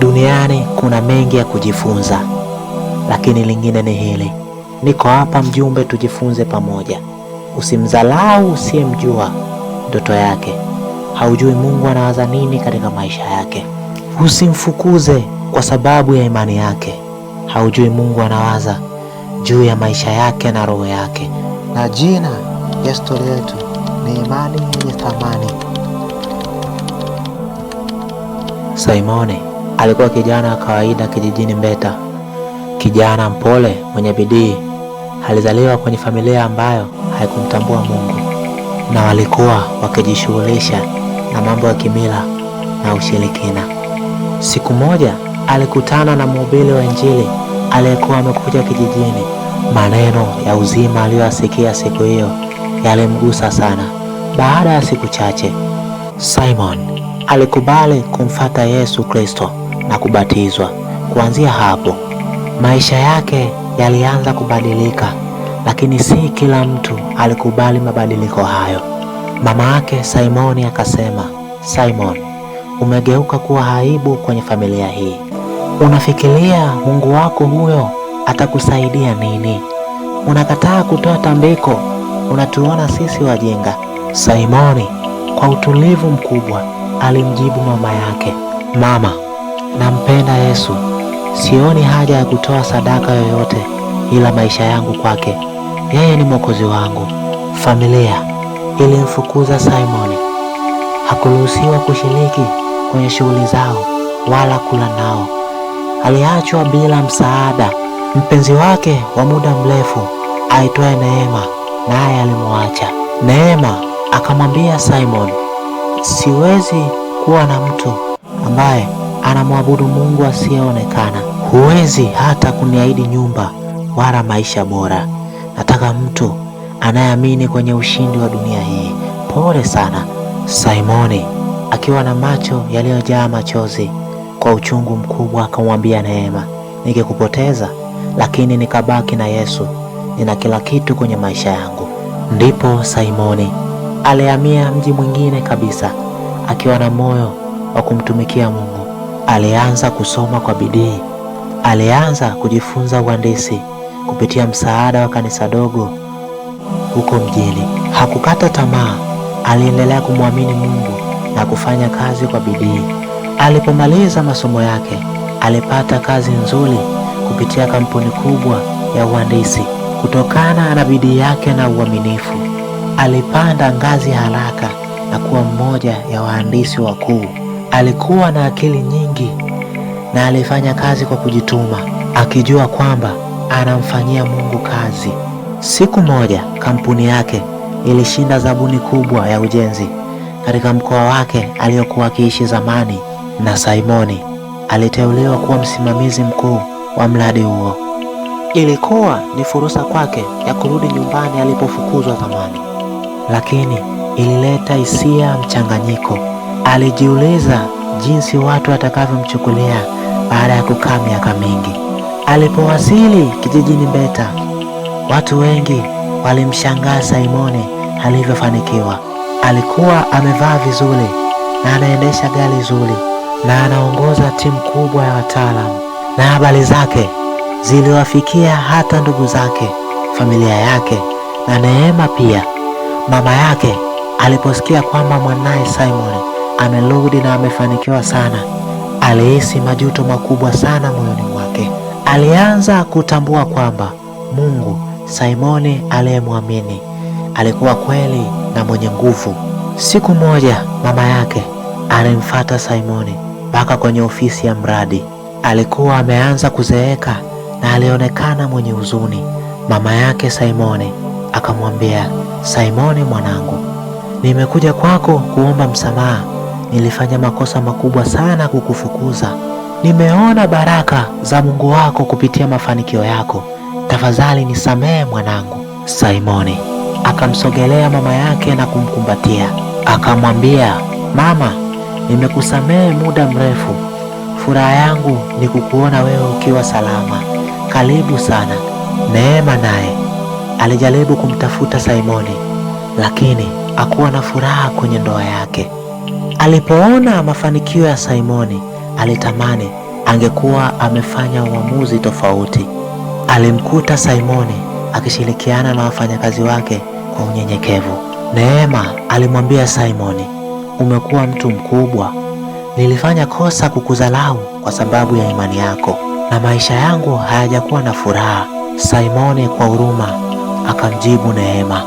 Duniani kuna mengi ya kujifunza, lakini lingine ni hili. Niko hapa mjumbe, tujifunze pamoja. Usimdhalau usiyemjua ndoto yake, haujui Mungu anawaza nini katika maisha yake. Usimfukuze kwa sababu ya imani yake, haujui Mungu anawaza juu ya maisha yake na roho yake. Na jina ya stori yetu ni imani yenye thamani. Simone Alikuwa kijana wa kawaida kijijini Mbeta, kijana mpole mwenye bidii. Alizaliwa kwenye familia ambayo haikumtambua Mungu na walikuwa wakijishughulisha na mambo ya kimila na ushirikina. Siku moja alikutana na mhubiri wa Injili aliyekuwa amekuja kijijini. Maneno ya uzima aliyoyasikia siku hiyo yalimgusa sana. Baada ya siku chache, Simon alikubali kumfata Yesu Kristo na kubatizwa. Kuanzia hapo maisha yake yalianza kubadilika, lakini si kila mtu alikubali mabadiliko hayo. Mama yake Simoni akasema, Simon, umegeuka kuwa aibu kwenye familia hii. Unafikiria Mungu wako huyo atakusaidia nini? Unakataa kutoa tambiko, unatuona sisi wajinga? Simoni kwa utulivu mkubwa alimjibu mama yake, mama Nampenda Yesu, sioni haja ya kutoa sadaka yoyote ila maisha yangu kwake. Yeye ni mwokozi wangu. Familia ilimfukuza Simoni, hakuruhusiwa kushiriki kwenye shughuli zao wala kula nao. Aliachwa bila msaada. Mpenzi wake wa muda mrefu aitwaye Neema naye alimwacha. Neema akamwambia Simon, siwezi kuwa na mtu ambaye anamwabudu Mungu asiyeonekana. Huwezi hata kuniahidi nyumba wala maisha bora. Nataka mtu anayeamini kwenye ushindi wa dunia hii. Pole sana. Simoni akiwa na macho yaliyojaa machozi kwa uchungu mkubwa akamwambia Neema, nikikupoteza lakini nikabaki na Yesu, nina kila kitu kwenye maisha yangu. Ndipo Simoni alihamia mji mwingine kabisa akiwa na moyo wa kumtumikia Mungu. Alianza kusoma kwa bidii, alianza kujifunza uhandisi kupitia msaada wa kanisa dogo huko mjini. Hakukata tamaa, aliendelea kumwamini Mungu na kufanya kazi kwa bidii. Alipomaliza masomo yake, alipata kazi nzuri kupitia kampuni kubwa ya uhandisi. Kutokana na bidii yake na uaminifu, alipanda ngazi haraka na kuwa mmoja ya wahandisi wakuu. Alikuwa na akili nyingi na alifanya kazi kwa kujituma, akijua kwamba anamfanyia Mungu kazi. Siku moja kampuni yake ilishinda zabuni kubwa ya ujenzi katika mkoa wake aliyokuwa akiishi zamani, na Simoni aliteuliwa kuwa msimamizi mkuu wa mradi huo. Ilikuwa ni fursa kwake ya kurudi nyumbani alipofukuzwa zamani, lakini ilileta hisia mchanganyiko. Alijiuliza jinsi watu watakavyomchukulia baada ya kukaa miaka mingi. Alipowasili kijijini Mbeta, watu wengi walimshangaa Saimoni alivyofanikiwa. Alikuwa amevaa vizuri na anaendesha gari zuri na anaongoza timu kubwa ya wataalamu, na habari zake ziliwafikia hata ndugu zake, familia yake na Neema pia. Mama yake aliposikia kwamba mwanaye Simoni amerudi na amefanikiwa sana, alihisi majuto makubwa sana moyoni mwake. Alianza kutambua kwamba Mungu Simoni aliyemwamini alikuwa kweli na mwenye nguvu. Siku moja mama yake alimfata Simoni mpaka kwenye ofisi ya mradi. Alikuwa ameanza kuzeeka na alionekana mwenye huzuni. Mama yake Simoni akamwambia, Simoni mwanangu, nimekuja kwako kuomba msamaha nilifanya makosa makubwa sana kukufukuza. Nimeona baraka za Mungu wako kupitia mafanikio yako, tafadhali nisamehe mwanangu. Simoni akamsogelea mama yake na kumkumbatia, akamwambia, mama, nimekusamehe muda mrefu. Furaha yangu ni kukuona wewe ukiwa salama, karibu sana. Neema naye alijaribu kumtafuta Simoni, lakini hakuwa na furaha kwenye ndoa yake. Alipoona mafanikio ya Simoni, alitamani angekuwa amefanya uamuzi tofauti. Alimkuta Simoni akishirikiana na wafanyakazi wake kwa unyenyekevu. Neema alimwambia Simoni, umekuwa mtu mkubwa, nilifanya kosa kukudharau kwa sababu ya imani yako, na maisha yangu hayajakuwa na furaha. Simoni kwa huruma akamjibu Neema,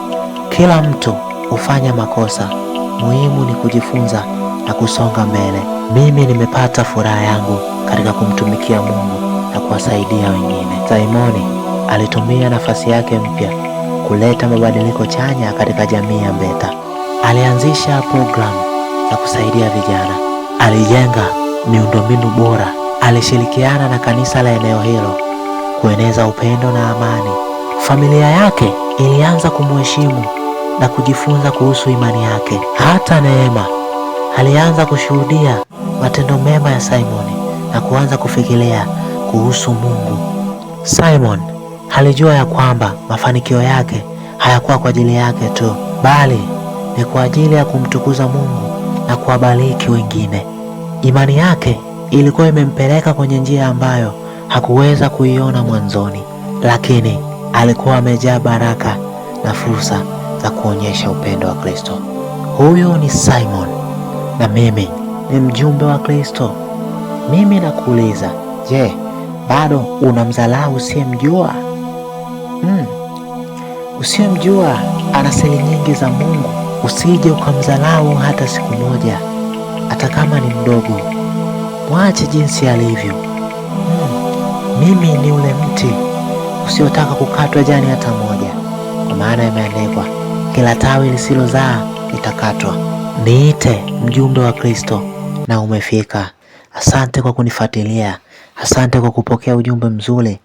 kila mtu hufanya makosa, muhimu ni kujifunza na kusonga mbele. Mimi nimepata furaha yangu katika kumtumikia Mungu na kuwasaidia wengine. Simoni alitumia nafasi yake mpya kuleta mabadiliko chanya katika jamii ya Mbeta. Alianzisha programu za kusaidia vijana, alijenga miundombinu bora, alishirikiana na kanisa la eneo hilo kueneza upendo na amani. Familia yake ilianza kumheshimu na kujifunza kuhusu imani yake. Hata Neema alianza kushuhudia matendo mema ya Simoni na kuanza kufikiria kuhusu Mungu. Simon alijua ya kwamba mafanikio yake hayakuwa kwa ajili yake tu, bali ni kwa ajili ya kumtukuza Mungu na kuwabariki wengine. Imani yake ilikuwa imempeleka kwenye njia ambayo hakuweza kuiona mwanzoni, lakini alikuwa amejaa baraka na fursa za kuonyesha upendo wa Kristo. Huyo ni Simon na mimi ni mjumbe wa Kristo. Mimi nakuuliza, je, bado unamdhalau usiyemjua? Mm, usiyemjua ana siri nyingi za Mungu. Usije ukamdhalau hata siku moja, hata kama ni mdogo. Mwache jinsi alivyo. Mm, mimi ni ule mti usiotaka kukatwa jani hata moja, kwa maana imeandikwa, kila tawi lisilozaa litakatwa niite mjumbe wa Kristo na umefika. Asante kwa kunifuatilia, asante kwa kupokea ujumbe mzuri